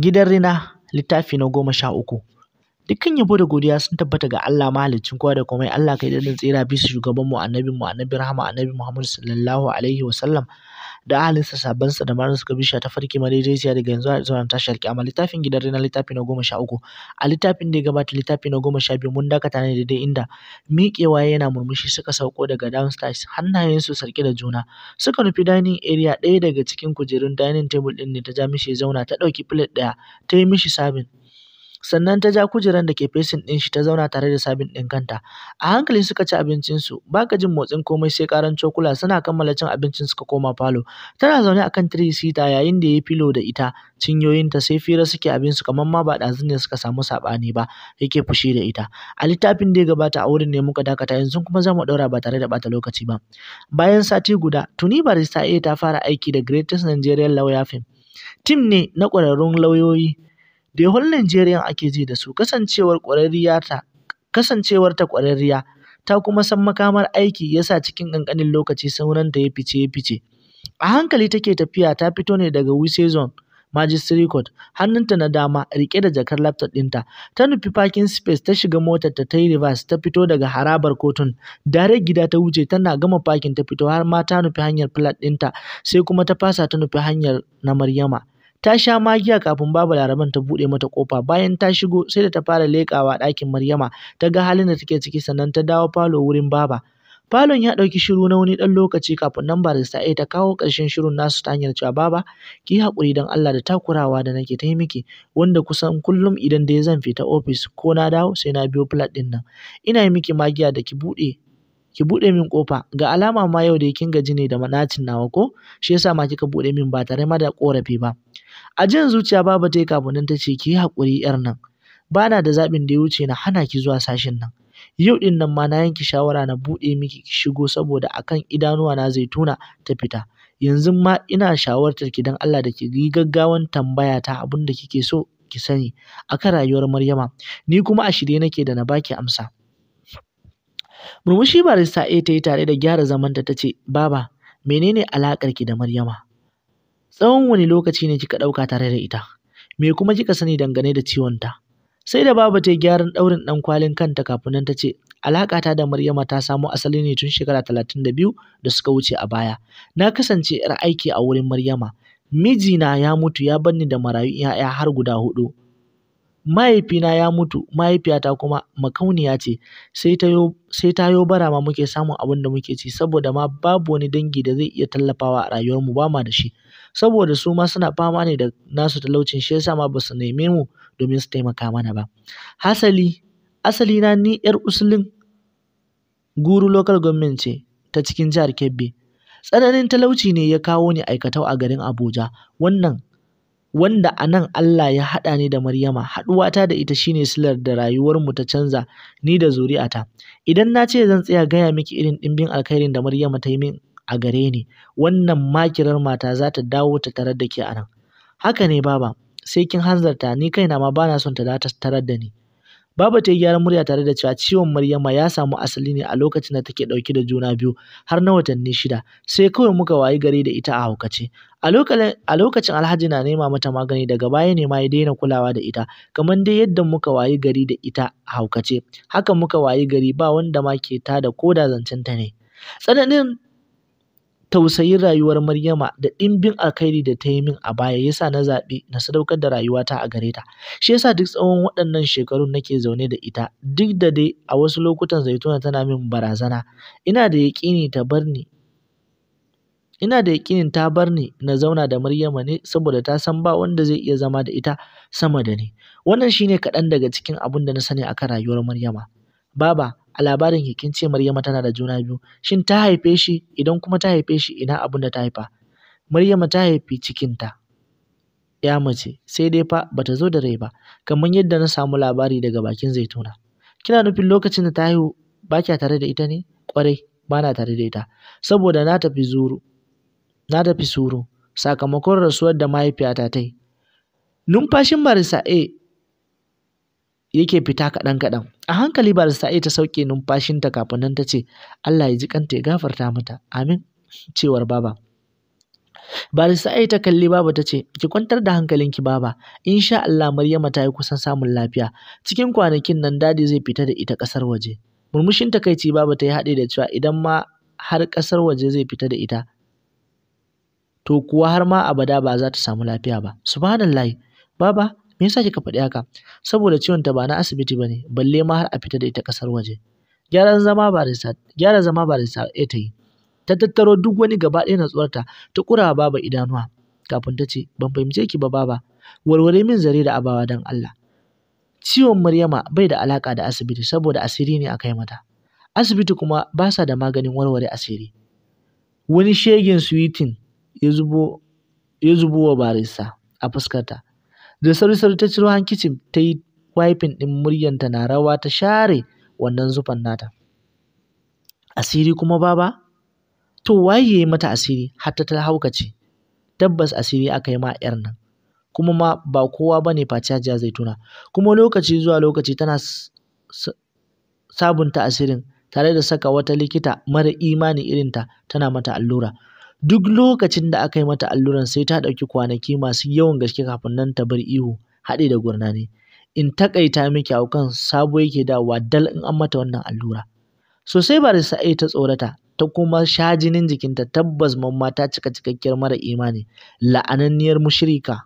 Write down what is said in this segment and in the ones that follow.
Gidan Rina littafi na goma sha uku. Dukkan yabo da godiya sun tabbata ga Allah mahaliccin kowa da komai Allah kai da tsira bisa shugabanmu annabinmu annabi rahama annabi Muhammad sallallahu alaihi wasallam da ahalinsa sa da maran suka bisha ta farki madaidaiciya daga yanzu har zuwa tashi Amma littafin gidan rina littafi na goma sha uku a littafin da ya gabata littafi na goma sha biyu mun dakata ne daidai inda miƙewa yana murmushi suka sauko daga downstairs hannayensu sarki da juna suka nufi dining area ɗaya daga cikin kujerun dining table ɗin ne ta ja mishi ya zauna ta ɗauki plate ɗaya ta yi mishi sabin sannan ta ja kujeran da ke fesin ɗin shi ta zauna tare da sabin ɗin kanta a hankali suka ci abincinsu ba ka jin motsin komai sai karan cokula suna kammala cin abincin suka koma falo tana zaune a kan tiri sita yayin da ya yi filo da ita cinyoyinta sai fira suke abin su kamar ma ba ɗazun ne suka samu saɓani ba yake fushi da ita a littafin da ya gabata a wurin ne muka dakata yanzu kuma za mu ɗaura ba tare da bata lokaci ba bayan sati guda tuni barista a ta fara aiki da greatest nigerian lawyer firm tim ne na kwararrun lauyoyi da Whole Nigerian ake ji da su, kasancewarta ƙwararriya ta kuma san makamar aiki yasa cikin ƙanƙanin lokaci sauran ta ya fice ya fice. A hankali take tafiya, ta fito ne daga Wuse Zone Magistrates Court, hannunta na dama riƙe da jakar laptop ɗinta, ta nufi parking space ta shiga motarta ta yi reverse ta fito daga harabar kotun. dare gida ta wuce, tana gama parking ta fito har ma ta nufi hanyar flat ɗinta sai kuma ta fasa ta nufi hanyar na Maryama. ta sha magiya kafin babu laraban ta buɗe mata kofa bayan ta shigo sai da ta fara leƙawa ɗakin maryama ta ga halin da take ciki sannan ta dawo falo wurin baba falon ya ɗauki shiru na wani ɗan lokaci kafin nan barista A ta kawo ƙarshen shirin nasu ta hanyar cewa baba ki haƙuri don Allah da takurawa da nake ta yi miki wanda kusan kullum idan dai zan fita ofis ko na dawo sai na biyo flat ɗin nan ina yi miki magiya da ki buɗe ki buɗe min kofa ga alama ma yau da kin gaji ne da manacin nawa ko shi yasa ma kika buɗe min ba tare ma da ƙorafi ba A jiyan zuciya Baba ta yi kafin nan ta ce ki yi haƙuri ‘yar nan. Ba na da zaɓin da ya wuce na hana ki zuwa sashen nan. Yau ɗin nan ma na yanke shawara na buɗe miki ki shigo saboda akan idanuwa na zai zaituna ta fita. Yanzu ma ina shawartar ki dan Allah da ki yi gaggawan tambaya ta abin da kike so ki sani akan rayuwar Maryama. Ni kuma a shirye nake da na baki amsa. Murmushi barista A ta yi tare da gyara zamanta ta ce, Baba, menene alaƙar ki da Maryama? Tsawon wani lokaci ne kika ɗauka tare da ita? Me kuma kika sani dangane da ciwon ta? Sai da Baba ta gyaran ɗaurin ɗan kwalin kanta kafin nan ta ce, Alaƙata da Maryama ta samo asali ne tun shekara talatin da biyu da suka wuce a baya. Na kasance ‘yar aiki a wurin Maryama. Mijina ya mutu ya bar ni da marayu ‘ya'ya har guda hudu mahaifina ya mutu mahaifiyata kuma makauniya ce sai ta yo bara ma muke samun abin da muke ci saboda ma babu wani dangi da zai iya tallafawa a rayuwar mu ba ma da shi saboda su ma suna fama ne da nasu talaucin shi yasa ma basu neme mu domin su taimaka mana ba hasali asali na ni yar usulin guru local government ce ta cikin jihar Kebbi tsananin talauci ne ya kawo ni aikatau a garin Abuja wannan wanda a nan Allah ya haɗa ni da Maryama, haɗuwata da ita shine silar da rayuwarmu ta canza ni da zuri'ata. Idan na ce zan tsaya gaya miki irin ɗimbin alkhairin da Maryama ta yi min a gare ni, wannan makirar mata za ta dawo ta tarar da ke a nan. Haka ne baba, sai kin hanzarta ni kaina ma bana son ta ta tarar da ni. Baba ta yi gyaran murya tare da cewa ciwon Maryama ya samu asali ne a lokacin da take ɗauke da juna biyu har na watanni shida, sai kawai muka wayi gari da ita a haukace. A lokacin Alhaji na nema mata magani daga baya ne ma ya daina kulawa da ita, kamar dai yadda muka wayi gari da ita a haukace, haka muka wayi gari ba wanda ma ke tada ko da zancen ta ne. Tsananin tausayin rayuwar Maryama da ɗimbin alkhairi da ta yi min a baya yasa na zaɓi na sadaukar da rayuwata a gare ta. Shi yasa duk tsawon waɗannan shekarun nake zaune da ita duk da dai a wasu lokutan zaituna tana min barazana ina da yaƙini ta bar ni ina da yaƙinin ta bar na zauna da Maryama ne saboda ta san ba wanda zai iya zama da ita sama da ni. Wannan shine kaɗan daga cikin abin da na sani akan rayuwar Maryama. Baba, a labarin ki kin ce Maryama tana da juna biyu shin ta haife shi idan kuma ta haife shi ina abin da ta haifa Maryama ta haifi cikinta ya mace sai dai fa bata zo da rai ba kamar yadda na samu labari daga bakin zaituna kina nufin lokacin da ta haihu ba kya tare da ita ne kwarai ba na tare da ita saboda na tafi zuru na tafi suru sakamakon rasuwar da mahaifiyata ta yi numfashin marisa a yake fita kaɗan kaɗan a hankali barista ta sauke numfashinta kafin nan ta ce Allah ya ji kanta ya gafarta mata amin cewar baba sa'a ta kalli baba ta ce ki kwantar da hankalinki baba insha Allah Maryama ta yi kusan samun lafiya cikin kwanakin nan dadi zai fita da ita kasar waje murmushin takaici baba ta yi haɗe da cewa idan ma har kasar waje zai fita da ita to kuwa har ma abada ba za ta samu lafiya ba subhanallahi baba me yasa kika faɗi haka saboda ciwon ta ba na asibiti bane balle ma har a fita da ita kasar waje gyaran zama risa, gyara zama barista ya eh ta yi ta tattaro duk wani gaba ɗaya natsuwarta ta ƙura baba idanuwa kafin ta ce ban fahimce ki ba baba warware min zare da abawa don Allah ciwon Maryama bai da alaka da asibiti saboda asiri ne a kai mata asibiti kuma ba sa da maganin warware asiri wani shegen suwitin ya zubo ya wa barista a fuskarta da sauri-sauri ta ciro hankicin ta yi wifin ɗin muryanta na rawa ta share wannan zufan nata asiri kuma baba to waye mata asiri har ta haukace tabbas asiri aka yi ma 'yar nan kuma ma ba kowa ba ne face zai zaituna kuma lokaci zuwa lokaci tana sabunta asirin tare da saka wata likita mara imani irinta tana mata allura Duk lokacin da aka yi mata alluran sai ta ɗauki kwanaki masu yawan gaske kafin nan ta bar ihu haɗe da gurnani. In taƙaita miki kan sabo yake dawowa dal in an mata wannan allura. Sosai ba da A ta tsorata ta kuma sha jinin jikinta tabbas mamma ta cika cikakkiyar mara imani la'ananniyar mushirika.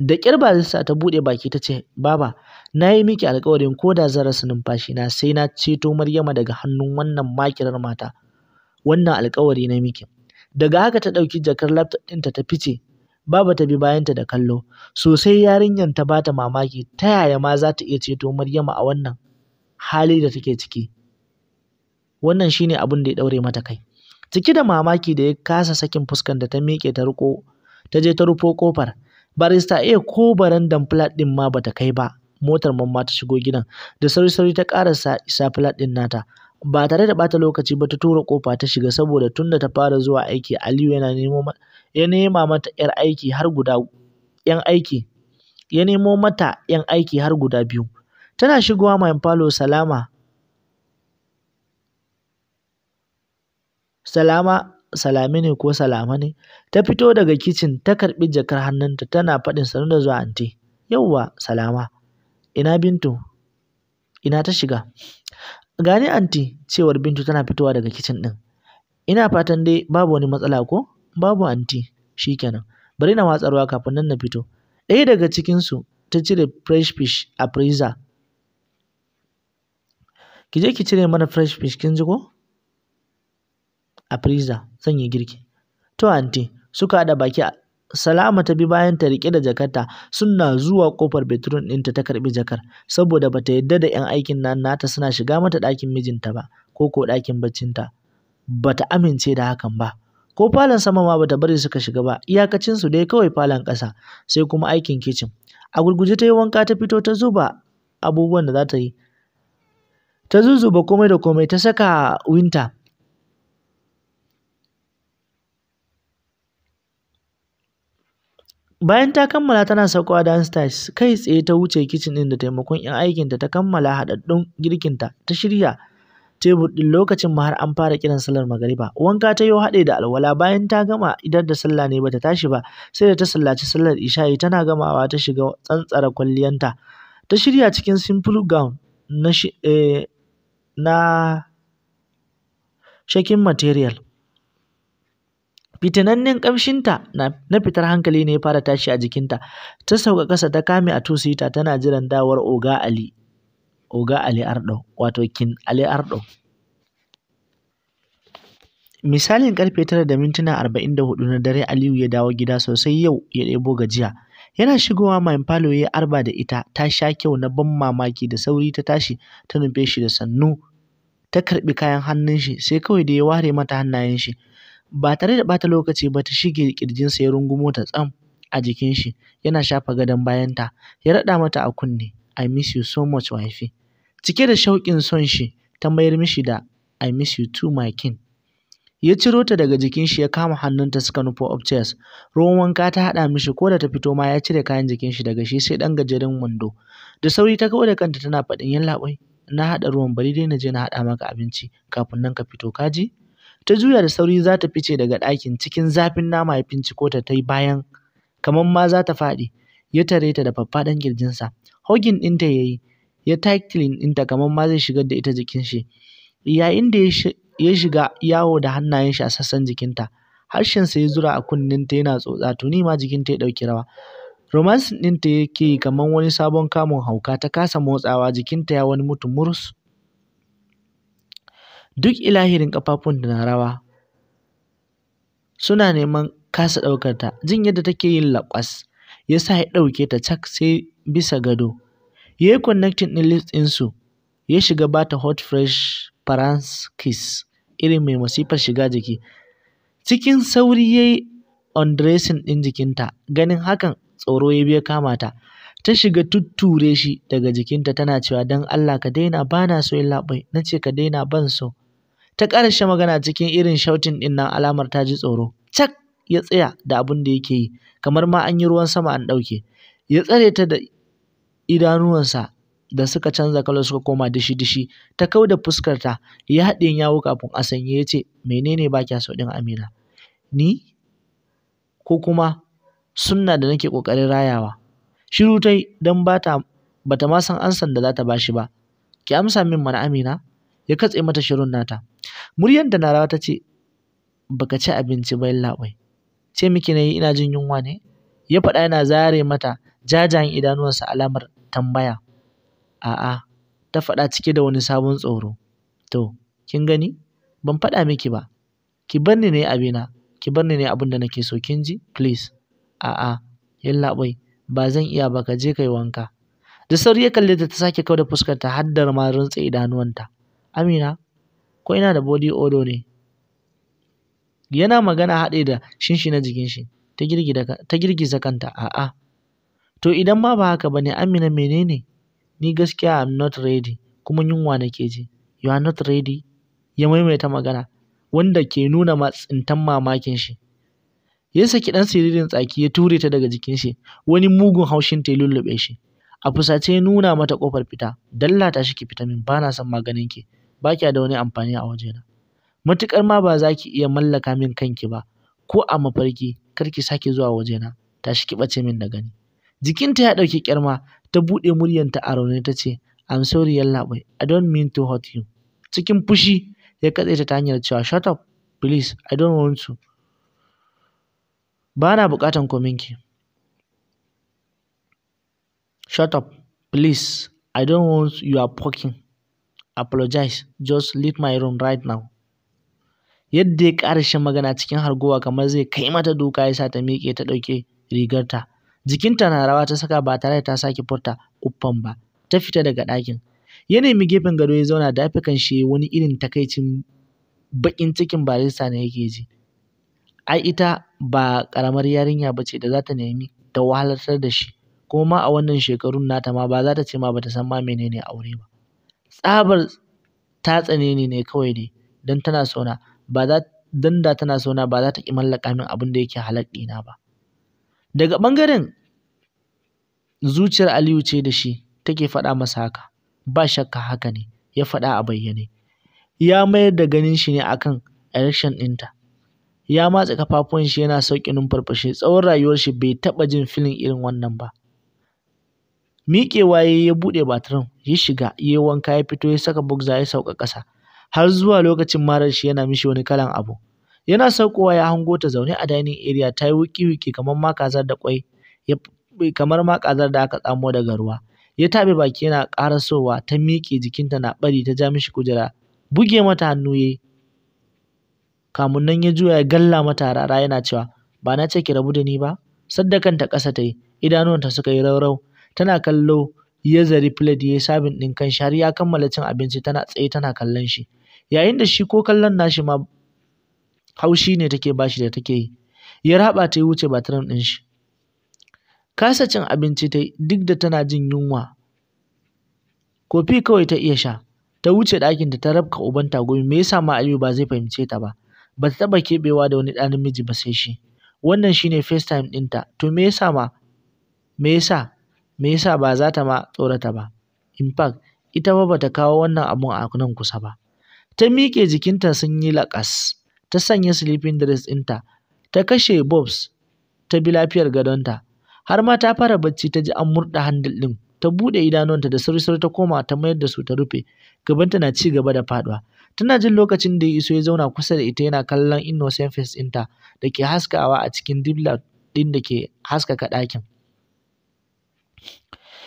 Da ƙyar sa ta buɗe baki ta ce, Baba, na yi miki alkawarin ko da zan rasa numfashina sai na ceto Maryama daga hannun wannan makirar mata. wannan alkawari na miki daga haka ta ɗauki jakar laptop ɗinta ta fice babu ta bi bayanta da kallo sosai yarinyar ta bata mamaki ta yaya ma za ta iya ceto maryama a wannan hali da take ciki wannan shine abin da ya ɗaure mata kai ciki da mamaki da ya kasa sakin fuskan da ta miƙe ta riko ta je ta rufo kofar barista iya ko barandan flat ɗin ma bata kai ba motar mamma ta shigo gidan da sauri-sauri ta ƙarasa isa flat ɗin nata ba tare da ɓata lokaci ba ta tura ƙofa ta shiga saboda tun da ta fara zuwa aiki Aliyu yana nemo ya nema mata ‘yar aiki har guda ‘yan aiki ya nemo mata ‘yan aiki har guda biyu tana shigowa mayan falo Salama Salama Salami ne ko Salama ne ta fito daga kicin ta karɓi jakar hannunta tana faɗin sanar da zuwa anti yauwa Salama ina Bintu ina ta shiga Gani anti cewar Bintu tana fitowa daga kicin ɗin. Ina fatan dai babu wani matsala ko? Babu anti shikenan. Bari na watsa ruwa kafin nan na fito. Ɗaya daga cikinsu ta cire fresh fish a freezer. Ki je ki cire mana fresh fish kin ji ko? A freezer zan yi girki. To anti suka haɗa baki Salama ta bi bayan ta riƙe da jakarta suna zuwa ƙofar betrun ɗinta ta karbi jakar saboda ba ta yarda da 'yan aikin nan nata suna shiga mata ɗakin mijinta ba ko ko ɗakin baccinta. ta amince da hakan ba. Ko falon sama ma ta bari suka shiga ba iyakacin su dai kawai falon ƙasa sai kuma aikin kicin. A gurguje ta yi wanka ta fito ta zuba abubuwan da za ta yi. Ta zuzuba komai da komai ta saka winter Bayan ta kammala tana saukowa downstairs kai tsaye ta wuce kicin din da taimakon 'yan aikinta ta kammala haɗaɗɗun girkinta ta shirya tebur din lokacin ma har an fara kiran sallar magariba. Wanka ta yi haɗe da alwala bayan ta gama idan da sallah ne bata tashi ba sai da ta sallaci sallar isha'i tana gamawa ta shiga tsantsara kwalliyanta. Ta shirya cikin simple gown na, eh, na shakin material. fitinannen ƙamshinta na fitar hankali ne ya fara tashi a jikinta ta sauka ƙasa ta kame a tusita tana jiran dawar oga ali oga ali ardo wato kin ali ardo misalin karfe tara da mintuna arba'in da hudu na dare aliyu ya dawo gida sosai yau ya ɗebo gajiya yana shigowa mai falo ya arba da ita ta sha kyau na ban mamaki da sauri ta tashi ta nufe shi da sannu ta karɓi kayan hannun shi sai kawai da ya ware mata hannayen shi Ba tare da ɓata lokaci ba ta shige ƙirjinsa ya rungumo ta tsam a jikin shi yana shafa gadon bayanta ya raɗa mata a kunne I miss you so much wife. Cike da shauƙin son shi ta mayar mishi da I miss you too my king. Ya ciro ta daga jikin shi ya kama hannunta suka nufo upstairs. Ruwan wanka ta haɗa mishi ko da ta fito ma ya cire kayan jikin shi daga shi sai ɗan gajeren wando. Da sauri ta kawo da kanta tana faɗin yallaɓai na haɗa ruwan bari dai na je na haɗa maka abinci kafin nan ka fito ka ji? Ta juya da sauri za ta fice daga ɗakin cikin zafin nama ya finciko ta ta bayan kamar ma za ta faɗi. Ya tare ta da faffaɗan ƙirjinsa. Hogin ɗinta ya yi, ya tackling ɗinta kamar ma zai shigar da ita jikin shi. Yayin da ya shiga yawo da hannayen shi a sassan jikinta, harshensa ya zura a kunninta yana tsotsa tuni ma jikinta ya ɗauki rawa. Romance ɗinta yake yi kamar wani sabon kamun hauka ta kasa motsawa jikinta ya wani mutu murus. duk ilahirin ƙafafun da na rawa suna neman kasa ɗaukar ta jin yadda take yin laƙwas ya sa ya ɗauke ta cak sai bisa gado ya yi connectin ɗin list ɗinsu ya shiga ba ta hot fresh france kiss irin mai masifar shiga jiki cikin sauri ya yi undressing ɗin jikinta ganin hakan tsoro ya biya kamata. ta shiga tutture shi daga jikinta tana cewa don Allah ka daina bana so yin laɓai na ce ka daina ban so ta ƙarashe magana cikin irin shautin ɗin nan alamar ta ji tsoro cak ya tsaya da abin da yake yi kamar ma an yi ruwan sama an ɗauke ya tsare ta da idanuwansa da suka canza kalar suka koma dishi-dishi ta kau da ta. ya haɗe yawo kafin a sanye ya ce menene ba kya so ɗin amina ni ko kuma sunna da nake ƙoƙarin rayawa shiru tai don ba ta bata ma san ansan da za ta ba shi ba ki amsa min mana amina ya katse mata shirin nata muryar da narawa ta ce baka ci abinci ba labai ce miki ne ina jin yunwa ne ya faɗa yana zare mata jajayen idanuwansa alamar tambaya a'a ta faɗa cike da wani sabon tsoro to kin gani ban faɗa miki ba ki bar ni ne abina ki bar ni ne abin da nake so kin ji please a'a yallaɓai ba zan iya ba ka je kai wanka da sauri ya kalle ta ta sake kauda fuskarta ta da ma rantsa idanuwanta Amina, ko ina da body odor ne? Yana magana haɗe da shinshina jikin shi, ta girgiza kanta, a'a. To idan ma ba haka ba ne Amina menene? Ni gaskiya I'm not ready kuma yunwa nake ji. You are not ready? Ya maimaita magana, wanda ke nuna matsintan mamakin shi. Ya saki ɗan siririn tsaki ya ture ta daga jikin shi, wani mugun haushin ta ya lullube shi. A fusace ya nuna mata kofar fita, dalla shi ki fita min ba na son maganin ki. ba kya da wani amfani a wajena. Matuƙar ma ba za ki iya mallaka min kanki ba ko a mafarki kar ki sake zuwa wajena tashi ki ɓace min da gani. Jikinta ya ɗauki ƙyarma ta buɗe muryanta a raune ta ce I'm sorry yallaɓai I don't mean to hurt you. Cikin fushi ya katse ta hanyar cewa shut up please I don't want to. Ba na buƙatan kominki. Shut up please I don't want your poking. apologize just leave my room right now yadda ya ƙara shan magana cikin hargowa kamar zai kai mata duka ya sa ta miƙe ta ɗauke rigarta jikinta na rawa ta saka ba tare da ta sake furta kuffan ba ta fita daga ɗakin ya nemi gefen gado ya zauna da afikan shi wani irin takaicin baƙin cikin barista ne yake ji ai ita ba ƙaramar yarinya ba ce da za ta nemi ta wahalar da shi kuma ma a wannan shekarun nata ma ba za ta ce ma ba ta san ma menene aure ba tsabar ta tsane ne kawai ne, don tana sona ba za don da tana sona ba za ta ƙi mallaka min abin da yake halal ɗina ba daga ɓangaren zuciyar Aliyu ce da shi take faɗa masa haka ba shakka haka ne ya faɗa a bayyane ya mayar da ganin shi ne akan erection ɗinta ya matse kafafuwan shi yana sauke numfarfashe tsawon rayuwar shi bai taɓa jin filin irin wannan ba Miƙewa ya yi ya buɗe batirin, ya shiga, ya yi wanka, ya fito, ya saka bugza ya sauka ƙasa. Har zuwa lokacin marar shi yana mishi wani kalan abu. Yana saukowa ya hango ta zaune a dining area ta yi wuƙi-wuƙi kamar ma kazar da ƙwai kamar ma kazar da aka tsamo daga ruwa. Ya taɓe baki yana ƙarasowa ta miƙe jikinta na bari ta ja mishi kujera. Buge mata hannu ya yi. Kamun nan ya juya ya galla mata rara yana cewa, ba na ce ki rabu da ni ba? Sadda kanta ƙasa ta yi, idanuwanta suka yi raurau. Tana kallo ya zari filet ya yi sabin ɗin kan shi har ya kammala cin abinci tana tsaye tana kallon shi. Yayin da shi ko kallon nashi ma haushi ne take bashi da take yi. Ya raba ta ya wuce bathroom ɗin shi. Kasa cin abinci ta duk da tana jin yunwa. Kofi kawai ta iya sha. Ta wuce ɗakinta ta rabka uban gobe, me yasa ma Aliyu ba zai fahimce ta ba. Ba ta taɓa keɓewa da wani ɗa namiji ba sai shi. Wannan shine first time ɗinta to me yasa ma? Me yasa? me yasa ba za ta ma tsorata ba in fact ita ba bata kawo wannan abun a nan kusa ba ta miƙe jikinta sun yi laƙas ta sanya sleeping dress ɗinta ta kashe bobs ta bi lafiyar gadonta har ma ta fara bacci ta ji an murɗa handil ɗin ta buɗe idanunta da sauri-sauri ta koma ta mayar da su ta rufe gabanta na ci gaba da faɗuwa tana jin lokacin da ya iso ya zauna kusa da ita yana kallon innocent face ɗinta da ke haskawa a cikin dibla ɗin da ke haskaka ɗakin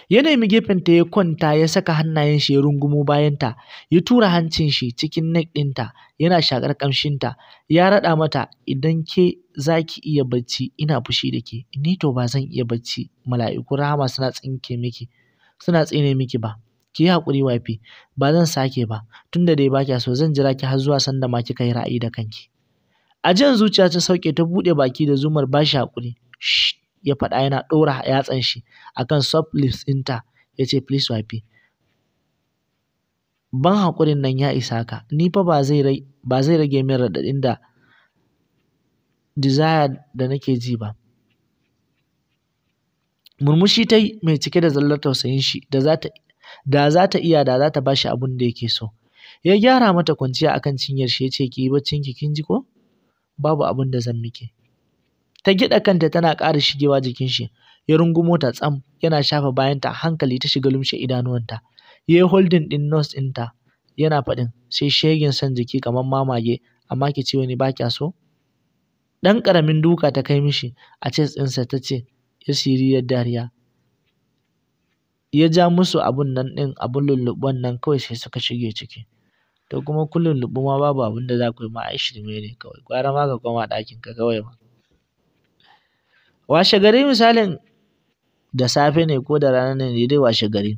Yanayin gefen gefenta ya kwanta ya saka hannayen shi ya rungumo ta, ya tura hancin shi cikin neck ɗinta, yana shakar ta, Ya raɗa mata, idan ke zaki iya bacci ina fushi da ke, ni to ba zan iya bacci mala'iku rahama suna tsinke miki, suna tsine miki ba. Ki yi haƙuri wafi, ba zan sake ba, tunda dai ba kya so zan jira ki har zuwa sanda ma kika yi ra'ayi da kanki. A jan zuciya ta sauke ta buɗe baki da zumar bashi haƙuri. ya faɗa yana ɗora yatsan shi akan soft lips ɗinta ya ce please wife ban haƙurin nan ya isa ka ni fa ba zai rage min raɗaɗin da desire da nake ji ba murmushi ta yi mai cike da zallar tausayin shi da za ta iya da za ta ba shi abin da yake so ya gyara mata kwanciya akan cinyar shi ya ce ki yi baccin ki kin ji ko babu abin da zan miki ta gida kanta tana ƙara shigewa jikin shi ya rungumo ta tsam yana shafa bayanta ta hankali ta shiga lumshe idanuwanta ya yi holdin din nose ɗinta yana faɗin sai shegen son jiki kamar mamage amma ki ce wani ba kya so ɗan ƙaramin duka ta kai mishi a ces ɗinsa ta ce ya siriyar dariya ya ja musu abun nan ɗin abun lulluɓen nan kawai sai suka shige ciki to kuma kullum lulluɓu babu abin da za ku yi ma ai shirme ne kawai gwara ma ka koma ɗakin ka kawai ma Washe gari misalin da safe ne ko da rana ne dai washe gari.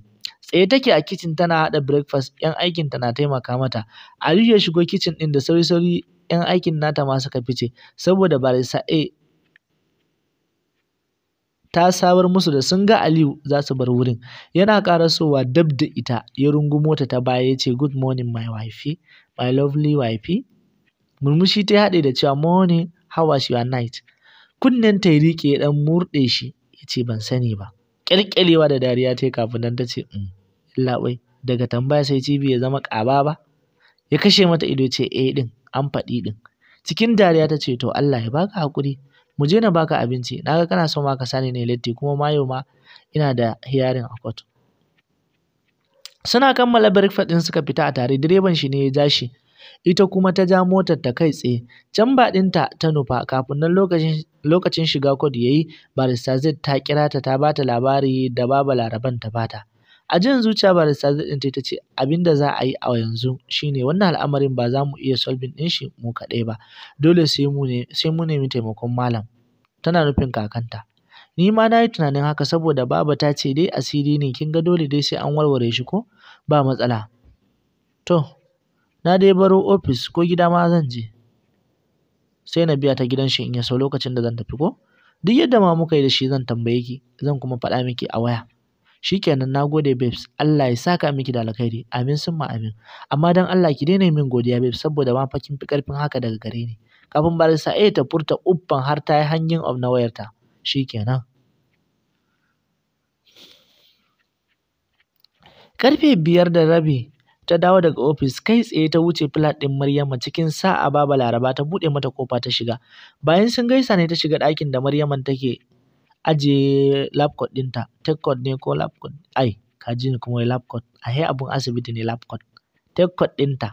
Tsaye take a kicin tana haɗa breakfast, ‘yan ta na taimaka mata. Aliyu ya shigo kicin ɗin da sauri-sauri, ‘yan aikin nata ma suka fice, saboda barista A eh, ta samar musu da sun ga Aliyu za su bar wurin. Yana karasowa dab da ita, ya rungumo ta ta baya ya ce, Good morning my wife my lovely wife." Murmushi ta haɗe da cewa morning, how was your night? Kunnen ta ya riƙe ya ɗan murɗe shi ya ce ban sani ba. Ƙyalƙyalewa da dariya ta yi kafin nan ta ce um daga tambaya sai cibi ya zama ƙaba ba. Ya kashe mata ido ya ce e ɗin an faɗi ɗin. Cikin dariya ta ce to Allah ya baka haƙuri mu je na baka abinci na ga kana son ma ka sani ne latti kuma mayo ma ina da hiyarin a kotu. Suna kammala breakfast ɗin suka fita a tare direban shi ne ya ja shi ita kuma ta ja motar ta kai tsaye can ba ɗinta ta nufa kafin nan lokacin lokacin shiga ya yi barista Z ta kira ta ta bata labari da baba Laraban ta bata a jin zuciya barista Z din ta ce da za a yi a yanzu shine wannan al'amarin ba za mu iya solving ɗin shi mu kaɗai ba dole sai mu sai mu nemi taimakon malam tana nufin kakanta ni ma na yi tunanin haka saboda baba ta ce dai asiri ne kin ga dole dai sai an warware shi ko ba matsala to na dai baro ofis ko gida ma zan je sai na biya ta gidan shi in ya sau lokacin da zan tafi ko duk yadda ma muka yi da shi zan tambaye ki zan kuma faɗa miki a waya Shi na gode, babes Allah ya saka miki da alkhairi amin summa amin amma dan Allah ki daina min godiya babes saboda ma fa kin fi karfin haka daga gare ni kafin barisa sa, ta furta uffan har ta yi hanyin of na wayarta shikenan karfe biyar da rabi ta dawo daga ofis kai tsaye ta wuce flat ɗin Maryama cikin sa'a baba Laraba ta buɗe mata kofa ta shiga. Bayan sun gaisa ne ta shiga ɗakin da Maryama take ajiye lapcot ɗinta. Tech code ne ko lapcot? Ai, ka ji ni kuma lapcot. A abun asibiti ne lapcot. Tech code ɗinta.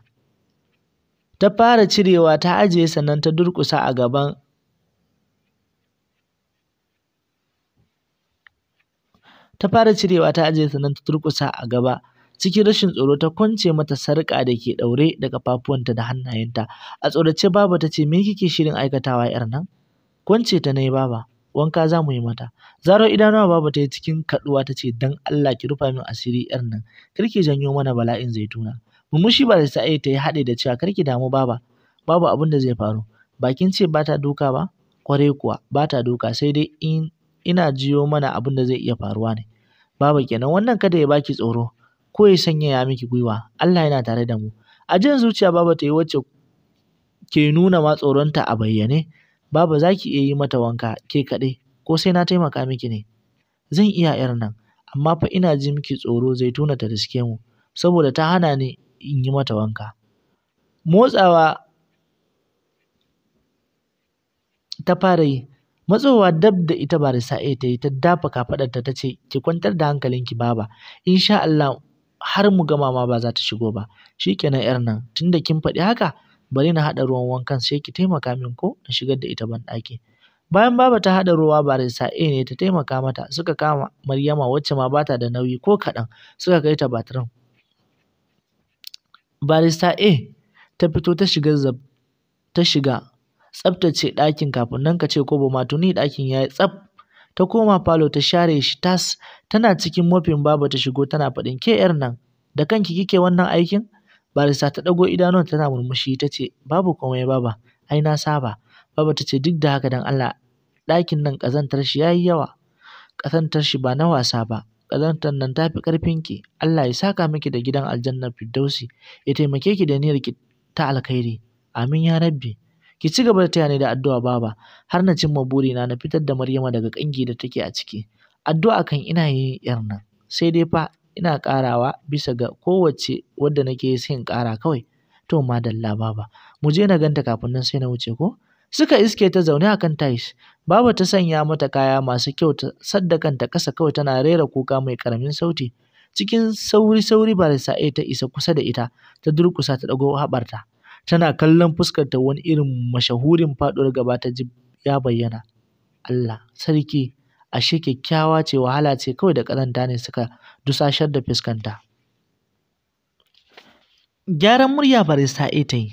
Ta fara cirewa ta ajiye sannan ta durƙusa a gaban ta fara cirewa ta aje sannan ta durƙusa a gaba cikin rashin tsoro ta kwance mata sarƙa da ke ɗaure da ƙafafuwanta da hannayenta a tsorace baba ta ce me kike shirin aikatawa yar nan kwance ta nayi baba wanka za mu yi mata zaro idanuwa baba ta yi cikin kaɗuwa ta ce dan Allah ki rufa min asiri yar nan kar ki janyo mana bala'in zaituna mumushi ba da sa'a ta yi haɗe da cewa kar ki damu baba babu abin da zai faru bakin ce ba ta duka ba kwarai kuwa ba ta duka sai dai in ina jiyo mana abin da zai iya faruwa ne baba kenan wannan kada ya baki tsoro ko ya sanyaya miki gwiwa. Allah yana tare da mu. A jin zuciya Baba ta yi wacce ke nuna ma tsoronta a bayyane. Baba za ki iya yi mata wanka ke kaɗai ko sai na taimaka miki ne? Zan iya ‘yar nan, amma fa ina ji miki tsoro zai tuna ta riske mu, saboda ta hana ni in yi mata wanka. Motsawa ta fara yi, matsowa dab da ita da sa'a ta yi ta dafa kafaɗarta ta ce, ki kwantar da hankalinki Baba, insha Allah har mu gama ma ba za ta shigo ba shi kenan yar nan tunda kin faɗi haka bari na haɗa ruwan wankan sai ki taimaka min ko na shigar da ita banɗaki bayan baba ta haɗa ruwa barista A ne ta taimaka mata suka kama Maryama wacce ma bata da nauyi ko kaɗan suka kai ta bathroom barista A ta fito ta shiga zab ta shiga tsaftace ɗakin kafin nan ka ce ko ba ma tuni ɗakin ya yi tsaf ta koma falo ta share shi tas tana cikin mofin babu ta shigo tana faɗin ke yar nan da kanki kike wannan aikin barisa ta ɗago idanuwan tana murmushi ta ce babu komai baba ai na saba baba ta ce duk da haka dan Allah ɗakin nan ƙazantar shi yayi yawa ƙazantar shi ba na wasa ba ƙazantar nan tafi fi ki Allah ya saka miki da gidan aljannar Firdausi ya taimake ki da niyyar ki ta alkhairi amin ya rabbi Ki ci gaba da taya ni da addu'a baba har na cimma burina na fitar da Maryama daga ƙangi da take a ciki. Addu'a kan ina yin yar nan, sai dai fa ina ƙarawa bisa ga kowace wadda nake sai in ƙara kawai. To madalla baba, mu je na ganta kafin nan sai na wuce ko? Suka iske ta zaune akan kan tais. Baba ta sanya mata kaya masu kyau ta sadda kanta kasa kawai tana rera kuka mai karamin sauti. Cikin sauri-sauri sa'i ta isa kusa da ita, ta durkusa ta ɗago haɓarta. Tana kallon fuskarta wani irin mashahurin faɗuwar gaba ta ji ya bayyana. Allah sarki ashe kyakkyawa ce wahala ce kawai da karanta ne suka dusashar da fuskanta. Gyaran murya barista A ta yi.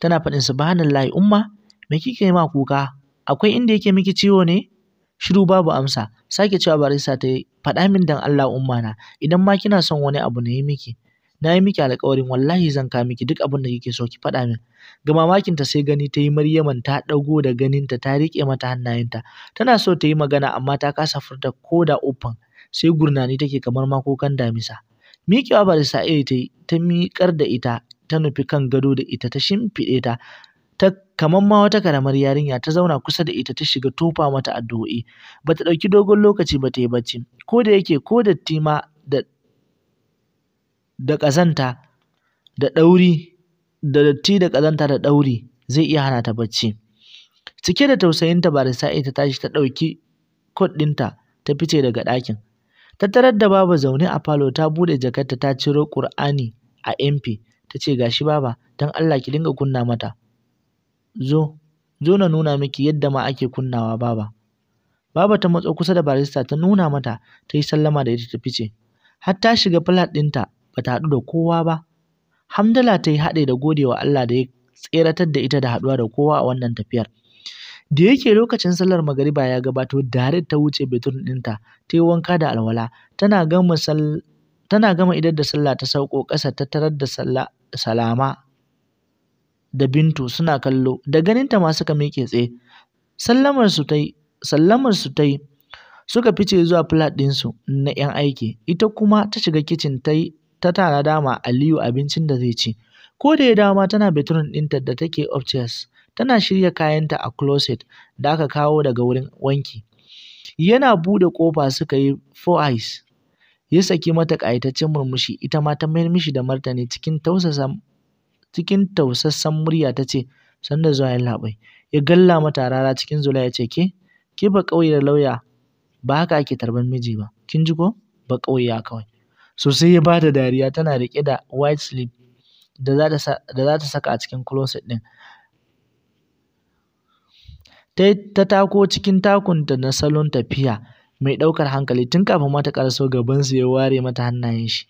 Tana faɗin subhanallahi umma me kike ma kuka akwai inda yake miki ciwo ne? Shiru babu amsa sake cewa barista ta yi faɗa min dan Allah umma na idan ma kina son wani abu na yi miki. na yi miki alƙawarin wallahi zan ka miki duk abin da kike so ki faɗa min ga mamakinta sai gani ta yi maryaman ta ɗago da ganinta ta riƙe mata hannayenta tana so ta yi magana amma ta kasa furta ko da uffan sai gurnani take kamar ma kukan damisa miƙewa barista iri ta yi ta miƙar da ita ta nufi kan gado da ita ta shimfiɗe ta ta kamar ma wata karamar yarinya ta zauna kusa da ita ta shiga tofa mata addu'o'i bata ɗauki dogon lokaci ba ta yi bacci ko da yake ko datti ma da ƙazanta da ɗauri da datti da ƙazanta da ɗauri zai iya hana ta bacci. Cike da tausayinta ita ta tashi ta ɗauki kot ɗinta ta fice daga ɗakin. Ta tarar da baba zaune a falo ta buɗe jakarta ta ciro Ƙur'ani a MP ta ce gashi baba don Allah ki dinga kunna mata. Zo, zo na nuna miki yadda ma ake kunnawa baba. Baba ta matso kusa da barista ta nuna mata ta yi sallama da ita ta fice. Har ta shiga flat ɗinta ba ta haɗu da kowa ba. Hamdala ta yi haɗe da gode wa Allah da ya tseratar da ita da haɗuwa da kowa a wannan tafiyar. Da yake lokacin sallar magariba ya gabato dare ta wuce betun ɗinta ta yi wanka da alwala tana gama sal tana gama idar da sallah ta sauko ƙasa ta tarar da salama da bintu suna kallo da ganinta ma suka miƙe tsaye sallamar su ta yi sallamar su ta yi suka fice zuwa flat ɗinsu na 'yan aiki ita kuma ta shiga kicin ta yi ta tara dama Aliyu abincin da zai ci. Ko da ya dama tana bedroom ɗinta da take upstairs, tana shirya kayanta a closet da aka kawo daga wurin wanki. Yana buɗe ƙofa suka yi four eyes. Ya saki mata ƙayataccen murmushi, ita ma ta mayar mishi da martani cikin tausasa cikin tausassan murya ta ce, Sanda zuwa yallaɓai. Ya galla mata rara cikin zula ya ce, Ke, ke ba ƙauyar lauya, ba haka ake tarban miji ba, kin ji ko? Ba ƙauya kawai. So sai ya bata dariya tana riƙe da white sleeve da za ta saka a cikin closet ɗin. Ta, ta tako cikin takunta na salon tafiya mai ɗaukar hankali tun kafin ma ta ƙaraso su ya ware mata hannayen shi.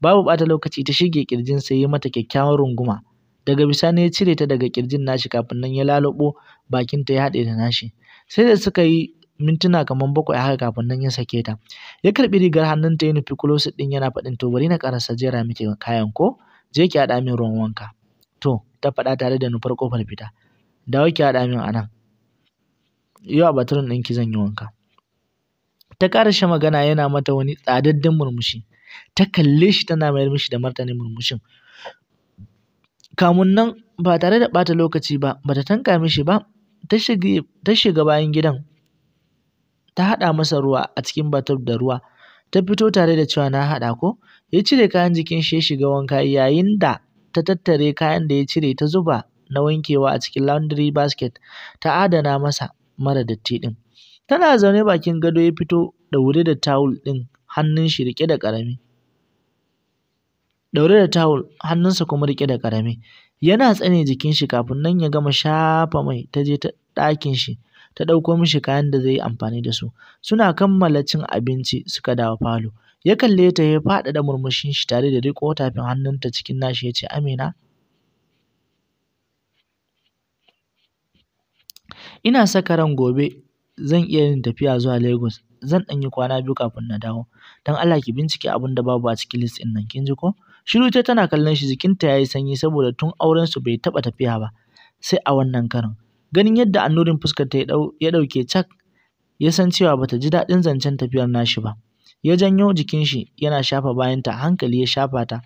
Babu ɓata lokaci ta shige sai ya yi mata kyakkyawan runguma. Daga bisani ya cire ta daga kirjin nashi kafin nan ya lalubo bakinta ya haɗe da nashi. Sai da suka yi mintuna kamar bakwai haka kafin nan ya sake ta ya karbi rigar hannunta ya nufi kulosi din yana faɗin to bari na karasa jera miki kayan ko je ki haɗa min ruwan wanka to ta faɗa tare da nufar kofar fita dawo ki haɗa min anan yau a batun ɗinki zan yi wanka ta karashe magana yana mata wani tsadaddin murmushi ta kalle shi tana mayar mishi da martanin murmushin kamun nan ba tare da ɓata lokaci ba bata tanka mishi ba ta shiga bayan gidan ta haɗa masa ruwa a cikin batul da ruwa ta fito tare da cewa na haɗa ko ya cire kayan jikin shi ya shiga wanka yayin da ta tattare kayan da ya cire ta zuba na wankewa a cikin laundry basket ta adana masa mara datti ɗin tana zaune bakin gado ya fito da wuri da tawul ɗin hannun shi riƙe da ƙarami ɗaure da tawul hannunsa kuma riƙe da ƙarami yana tsane jikin shi kafin nan ya gama shafa mai ta je ta ɗakin shi ta ɗauko mishi kayan da zai yi amfani da su. Suna kammala cin abinci suka dawo falo. Ya kalle ta ya faɗaɗa murmushin shi tare da riƙo tafin hannunta cikin nashi ya ce Amina ina saka ran gobe zan iya yin tafiya zuwa Lagos zan ɗan yi kwana biyu kafin na dawo don Allah ki bincike abin da babu a cikin list ɗin nan kin ji ko shiru ta tana kallon shi jikinta ya yi sanyi saboda tun aurensu bai taɓa tafiya ba sai a wannan karin. Ganin yadda annurin ta ya ɗauke cak, ya san cewa bata ji daɗin zancen tafiyar nashi ba. Ya janyo jikin shi yana shafa bayanta a hankali ya shafa ta.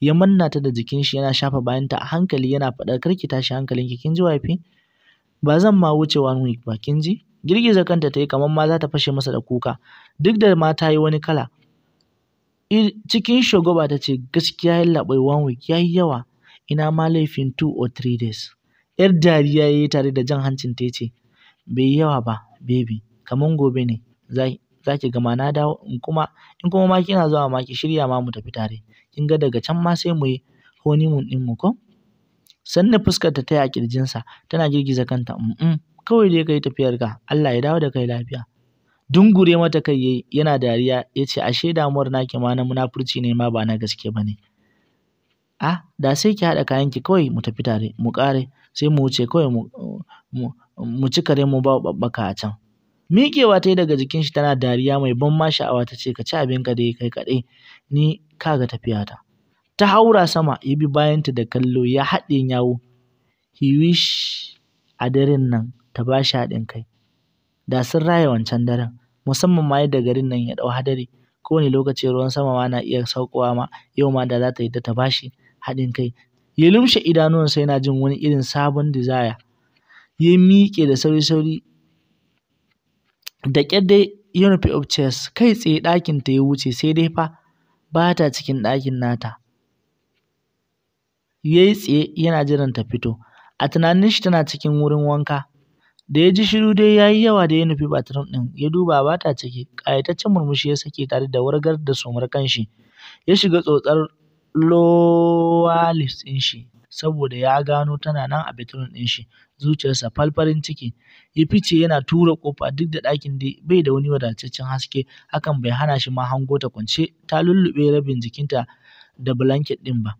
Ya manna ta da jikin shi yana shafa bayanta a hankali yana faɗa. kar ki tashi hankalinki kin ji wifi? Ba zan ma wuce one week ba kinji Girgiza kanta ta yi kamar ma za ta fashe masa da kuka. Duk da ma ta yi wani kala. Cikin shugaba ta ce gaskiya yallaɓai one week ya yi yawa. Ina ma laifin two or three days. Yar dariya ya yi tare da jan hancinta ya ce, Bai yi yawa ba, baby, kaman gobe ne za ki gama na dawo in kuma in kuma ma kina zuwa ma ki shirya ma mu tafi tare. Kin ga daga can ma sai mu yi honeymoon mu, ko? Sannan fuskarta ta yi a ƙirjinsa tana girgiza kanta, mm kawai dai ka yi tafiyarka, Allah ya dawo da kai lafiya. Dungure mata kai yayi yana dariya ya ce ashe damuwar naki ma na munafurci ne ma ba na gaske ba ne. A ah, da sai ki haɗa kayan ki, kawai mu tafi tare mu ƙare sai mu wuce kawai mu, mu, ci kare mu bawa ɓabbaka a can. Miƙewa ta yi daga jikin shi tana dariya mai ban ma sha'awa ta ce ka ci abin ka dai kai kaɗai ni ka ga tafiya Ta haura sama ya bi bayanta da kallo ya haɗe yawu. He wish a daren nan ta ba shi haɗin kai. Da sun raya wancan daren musamman ma da garin nan ya ɗau hadari. Kowane lokaci ruwan sama ma na iya saukowa ma yau ma da za ta da ta bashi? haɗin kai. Ya lumshe idanuwansa yana jin wani irin sabon dizaya. Ya miƙe da sauri-sauri da ƙyar dai 'Yanufi of Chess' kai tsaye ɗakinta ya wuce sai dai fa ba ta cikin ɗakin nata. Ya yi tsaye yana jiran ta fito. A tunanin shi tana cikin wurin wanka. Da ya ji shiru dai ya yi yawa da ya nufi bathroom ɗin ya duba ba ta ciki. Ƙayataccen murmushi ya sake tare da wargar da sumar shi. Ya shiga tsotsar flowers ɗin shi saboda ya gano tana nan a bedroom ɗin shi. Zuciyarsa fal farin ciki. Ya fice yana tura ƙofa duk da ɗakin dai bai da wani wadataccen haske, hakan bai hana shi ma hango ta kwance ta lulluɓe rabin jikinta da blanket ɗin ba.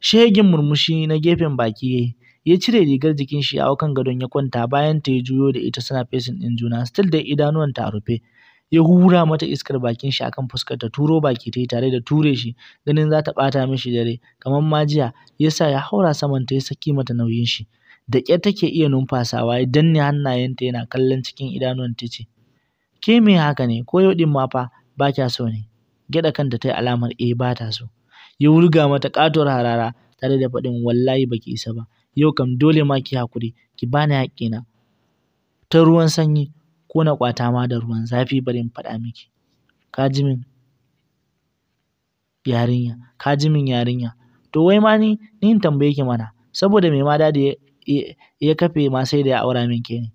Shegin murmushi na gefen baki yayi Ya cire rigar jikin shi a hau kan gadon ya kwanta bayan ta ya juyo da ita suna facing ɗin juna, still dai idanuwanta a rufe. ya hura mata iskar bakin shi akan fuskar ta turo baki ta yi tare da ture shi ganin za ta ɓata mishi dare kamar ma jiya ya sa ya haura saman ta ya saki mata nauyin shi da ƙyar take iya numfasawa ya danne hannayenta yana kallon cikin idanuwan ta ce ke me haka ne ko yau din ma fa ba kya so ne gyaɗa kanta ta yi alamar eh ba ta so ya wurga mata katuwar harara tare da faɗin wallahi baki isa ba yau kam dole ma ki hakuri ki bani haƙƙina ta ruwan sanyi ko na ƙwata ma da ruwan zafi bari in faɗa miki. Ka ji min yarinya, ka ji min yarinya. To wai ma ni, ni in tambaye ki mana, saboda me ma dadi ya kafe ma sai da ya aura min ke ne.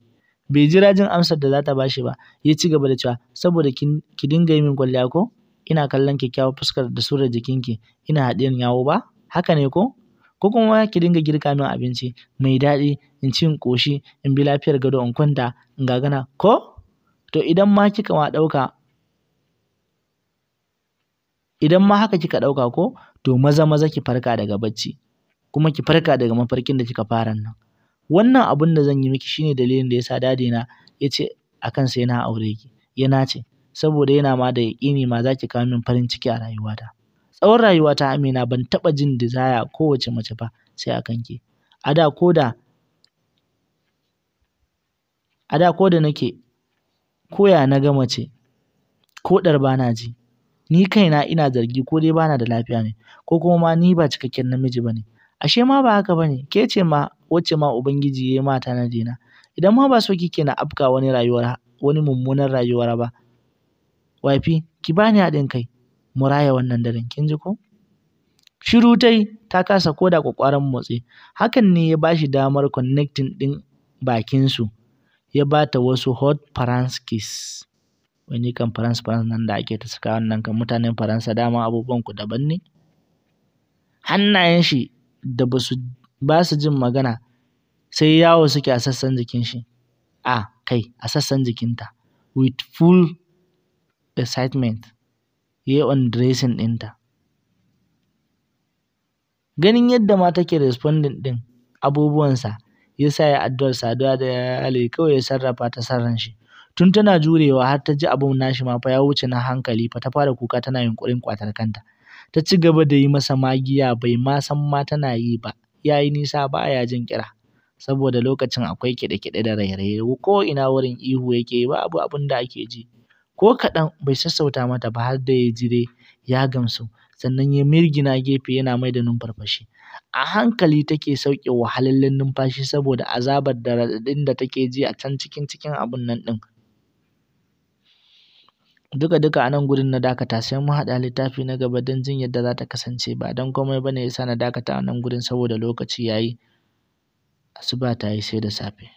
Bai jira jin amsar da za ta bashi ba, ya ci gaba da cewa saboda ki dinga yi min kwalliya ko? Ina kallon kyakkyawar fuskar da surar jikinki, ina haɗiyan yawo ba? Haka ne ko? ko kuma ki dinga girka min abinci mai daɗi in ci in ƙoshi in bi lafiyar gado in kwanta in gagana ko? To idan ma kika ma ɗauka idan ma haka kika ɗauka ko to maza maza ki farka daga bacci kuma ki farka daga mafarkin da kika fara nan. Wannan abun da zan yi miki shine dalilin da yasa dadi na yace a kan sai na aure ki ya nace saboda yana ma da yaƙini ma zaki kawo min farin ciki a rayuwata. tsawon ta Amina ban taɓa jin desire kowace mace ba sai a ki. A da ko da a da ko da nake koya na ga mace ko ɗar bana ji ni kaina ina zargi ko dai bana da lafiya ne ko kuma ma ni ba cikakken namiji ba ne. ashe ma ba haka ne? ke ce ma wacce ma ubangiji yi ma tanadi na idan ma ba so kike na afka wani rayuwar wani mummunar rayuwar ba wafi ki bani haɗin kai Muraya wannan daren kin ji ko? Shiru ta ta kasa ko da motsi. Hakan ne ya ba shi damar connecting ɗin su ya ba ta wasu hot france kiss. Wani kan france france nan da ake ta saka wannan kan mutanen Faransa dama abubuwan ku daban ne. Hannayen shi da ba su ba su jin magana sai yawo suke a sassan jikin shi. A kai a sassan jikinta with full excitement. ya yi undressing ɗinta ganin yadda mata ke responding ɗin abubuwansa ya sa ya addu'ar saduwa da yali kawai ya sarrafa ta sarran shi tun tana jurewa har ta ji abin nashi ma fa ya wuce na hankali fa ta fara kuka tana yunƙurin ƙwatar kanta ta ci gaba da yi masa magiya bai ma san ma tana yi ba ya yi nisa ba ya jin kira saboda lokacin akwai kiɗe-kiɗe da raye-raye ko ina wurin ihu yake babu abin da ake ji ko kaɗan bai sassauta mata ba har da ya ji dai ya gamsu sannan ya mirgina gefe yana mai da numfarfashi a hankali take sauke wahalallen numfashi saboda azabar da raɗaɗin da take ji a can cikin cikin abun nan ɗin duka duka a nan gurin na dakata sai mun haɗa littafi na gaba don jin yadda za ta kasance ba don komai ba ya yasa na dakata a nan gurin saboda lokaci ya yayi asuba ta yi sai da safe